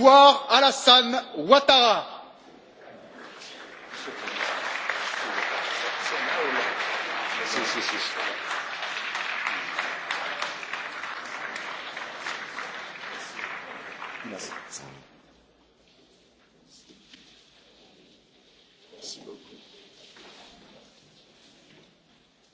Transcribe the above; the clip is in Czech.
voir Alassane Ouattara.